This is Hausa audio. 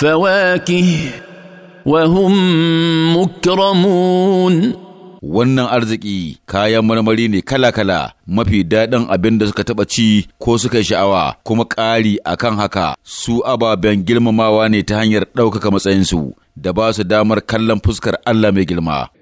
فواكه وهم مكرمون wannan arziki kayan marmari ne kala-kala mafi daɗin abin da suka taɓa ci ko suka yi sha'awa kuma ƙari akan haka su ababen girmamawa ne ta hanyar ɗaukaka matsayinsu da ba su damar kallon fuskar Allah mai girma.